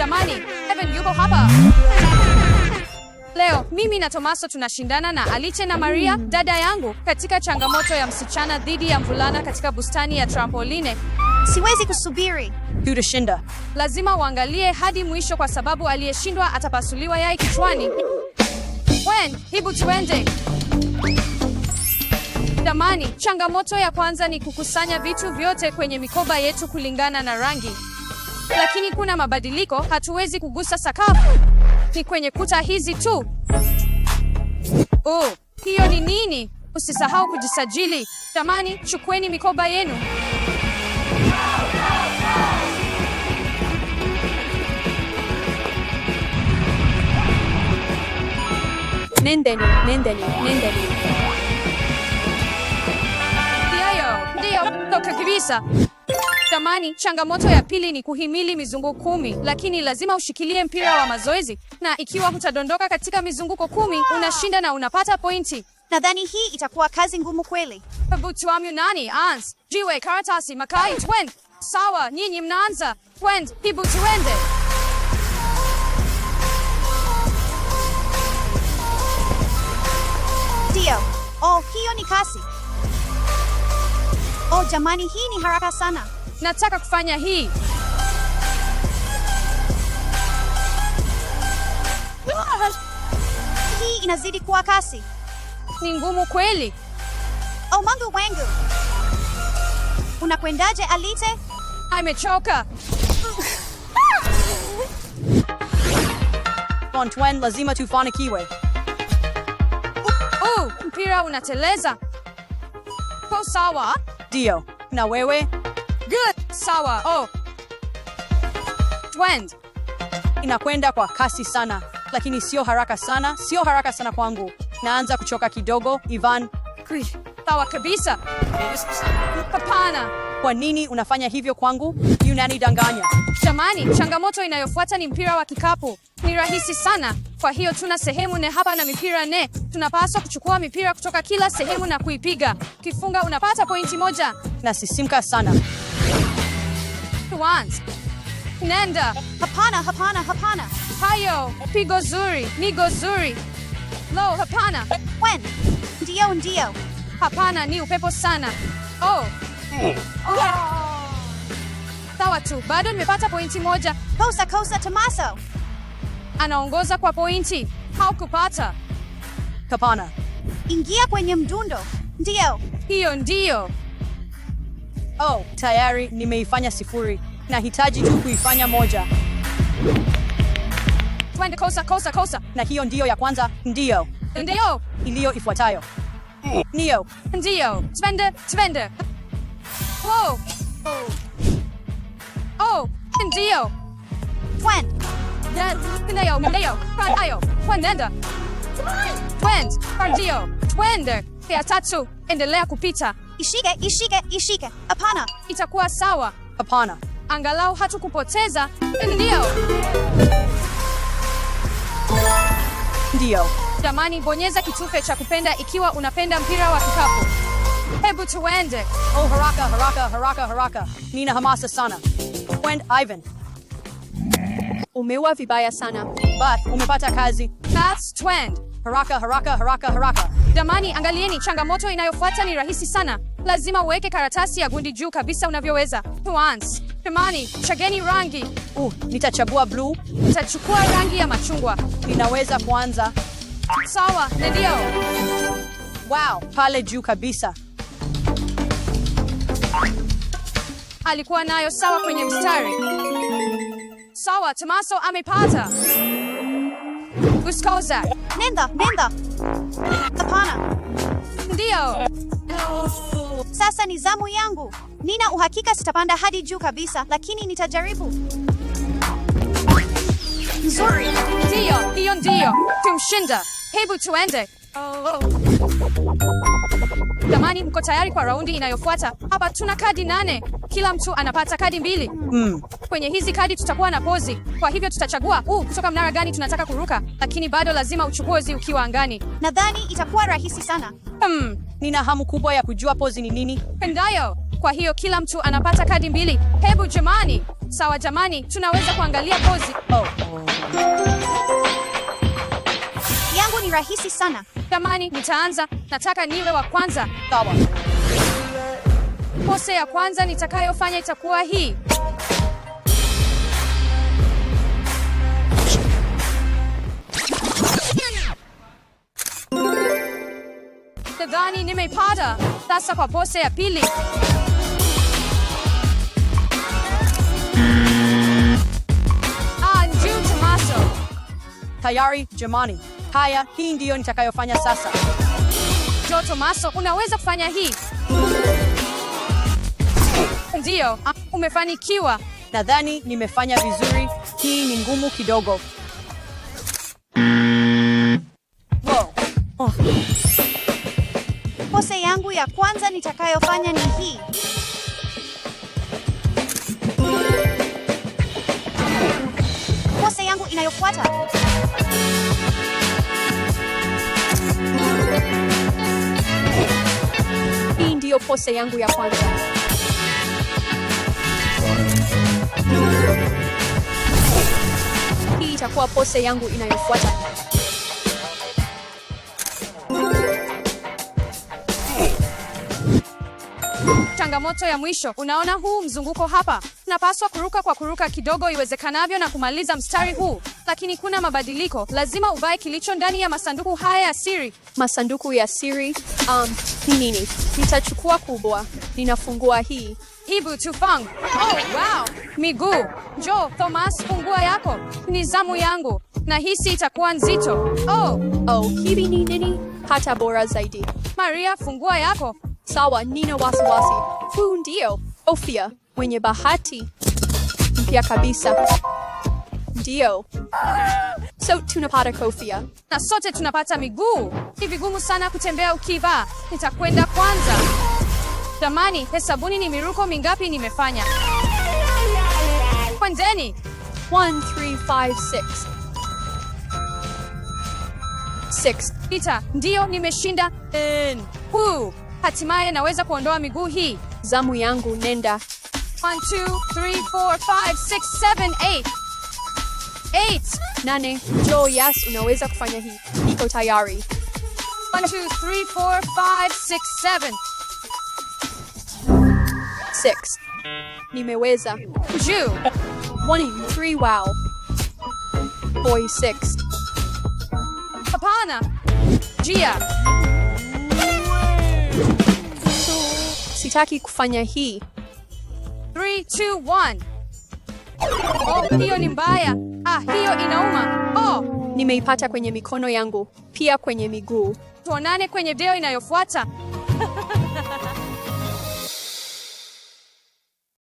Jamani, Evan yuko hapa leo. Mimi na Tomaso tunashindana na Alice na Maria dada yangu katika changamoto ya msichana dhidi ya mvulana katika bustani ya trampoline. Siwezi kusubiri. Tutashinda. Lazima uangalie hadi mwisho kwa sababu aliyeshindwa atapasuliwa yai kichwani. Wen, hebu tuende. Jamani, changamoto ya kwanza ni kukusanya vitu vyote kwenye mikoba yetu kulingana na rangi lakini kuna mabadiliko. Hatuwezi kugusa sakafu, ni kwenye kuta hizi tu. Oh, hiyo ni nini? Usisahau kujisajili. Jamani, chukueni mikoba yenu. Nendeni, nendeni, nendeni. Ndiyo, ndiyo, toka kabisa. Thamani, changamoto ya pili ni kuhimili mizunguko kumi, lakini lazima ushikilie mpira wa mazoezi, na ikiwa hutadondoka katika mizunguko kumi, unashinda na unapata pointi. Nadhani hii itakuwa kazi ngumu kweli. Butuamu nani ans jiwe karatasi makai twend. Sawa, nyinyi mnaanza. Twend, hibu tuende. Ndio. Oh, hiyo ni kasi. Oh, jamani hii ni haraka sana nataka kufanya hii. Hii inazidi kuwa kasi, ni ngumu kweli. Oh, mangu wangu, unakwendaje Alite? Amechoka. Antoine, lazima tufanikiwe. Uh, mpira unateleza. Ko sawa? Dio, na wewe? Good. Sawa. Oh. Twend. Inakwenda kwa kasi sana, lakini sio haraka sana, sio haraka sana kwangu. Naanza kuchoka kidogo, Ivan. Sawa kabisa. Hapana. Kwa nini unafanya hivyo kwangu? Yunani danganya. Jamani, changamoto inayofuata ni mpira wa kikapu. Ni rahisi sana. Kwa hiyo tuna sehemu ne hapa na mipira ne. Tunapaswa kuchukua mipira kutoka kila sehemu na kuipiga. Kifunga unapata pointi moja. Nasisimka sana. Wands. Nanda, Hapana, hapana, hapana. Hayo. Pigozuri, Nigozuri. Lo, hapana. When? Dio, Dio. Hapana ni upepo sana. Oh. Oh. Sawa tu. Bado nimepata pointi moja. Kosa, kosa, Tomaso. Anaongoza kwa pointi. Haukupata. Hapana. Ingia kwenye mdundo. Ndio. Hiyo ndio. Oh, tayari nimeifanya sifuri nahitaji tu kuifanya moja. Twende kosa kosa kosa, na hiyo ndiyo ya kwanza. Ndiyo, ndiyo iliyo ifuatayo. Ndio, ndio, twende twende. Oh, Oh, ndio. Twen. Yes, ndio, ndio. Patayo. Twenenda. Twend. Ndio. Twende. Ya tatu, endelea kupita. Ishike, ishike, ishike. Hapana. Itakuwa sawa. Hapana angalau hatukupoteza. Ndio, ndio. Jamani, bonyeza kitufe cha kupenda ikiwa unapenda mpira wa kikapu. Hebu tuende. Oh, haraka haraka haraka haraka, nina hamasa sana. Wend Ivan, umeua vibaya sana but umepata kazi. That's twend. Haraka haraka haraka haraka. Jamani, angalieni, changamoto inayofuata ni rahisi sana lazima uweke karatasi ya gundi juu kabisa unavyoweza. Once jamani, chageni rangi. Uh, nitachagua bluu, nitachukua rangi ya machungwa. Ninaweza kuanza? Sawa, ndio. Wow, pale juu kabisa alikuwa nayo. Sawa, kwenye mstari. Sawa, Tomaso amepata. Uskoza, nenda nenda. Hapana, ndio sasa ni zamu yangu. Nina uhakika sitapanda hadi juu kabisa, lakini nitajaribu. Nzuri, ndio hiyo, ndio tumshinda. Hebu tuende. Jamani, oh, mko tayari kwa raundi inayofuata? Hapa tuna kadi nane, kila mtu anapata kadi mbili. Mm. Kwenye hizi kadi tutakuwa na pozi, kwa hivyo tutachagua u uh, kutoka mnara gani tunataka kuruka, lakini bado lazima uchokozi ukiwa angani. Nadhani itakuwa rahisi sana. Hmm, nina hamu kubwa ya kujua pozi ni nini pendayo. Kwa hiyo kila mtu anapata kadi mbili. Hebu jamani, sawa jamani, tunaweza kuangalia pozi. Oh, oh. Yangu ni rahisi sana jamani, nitaanza. Nataka niwe wa kwanza. Sawa. Pose ya kwanza nitakayofanya itakuwa hii. Nadhani nimeipata sasa. Kwa pose ya pili, ah, Tomaso tayari. Jamani, haya, hii ndiyo nitakayofanya sasa. Jo Tomaso, unaweza kufanya hii? Ndiyo, ah, umefanikiwa. Nadhani nimefanya vizuri. Hii ni ngumu kidogo. ya kwanza nitakayofanya ni hii. Pose yangu inayofuata. Hii ndiyo pose yangu ya kwanza. Hii itakuwa pose yangu inayofuata. Changamoto ya mwisho, unaona huu mzunguko hapa, napaswa kuruka kwa kuruka kidogo iwezekanavyo na kumaliza mstari huu, lakini kuna mabadiliko. Lazima uvae kilicho ndani ya masanduku haya ya siri. Masanduku ya siri um, ni nini? Nitachukua kubwa. Ninafungua hii Hibu tufang. Oh, wow. Miguu jo, Thomas, fungua yako. Ni zamu yangu, na hisi itakuwa nzito. Oh, oh, hivi ni nini? Hata bora zaidi. Maria, fungua yako. Sawa, nina wasiwasi. Huu ndio Ofia mwenye bahati mpya kabisa. Ndio, so tunapata kofia na sote tunapata miguu. Ni vigumu sana kutembea ukivaa. Nitakwenda kwanza. Jamani, hesabuni ni miruko mingapi nimefanya? Kwendeni. 1356 6 ndio nimeshinda. Huu Hatimaye naweza kuondoa miguu hii. Zamu yangu, nenda. 1 8 8 nane. Jo, yes, unaweza kufanya hii. Niko tayari. 1 6 nimeweza. Ju 3 wow. Boy 6 hapana. Jia sitaki kufanya hii. 3, 2, 1. Oh, hiyo ni mbaya. Ah, hiyo inauma. Oh, nimeipata kwenye mikono yangu, pia kwenye miguu. Tuonane kwenye video inayofuata.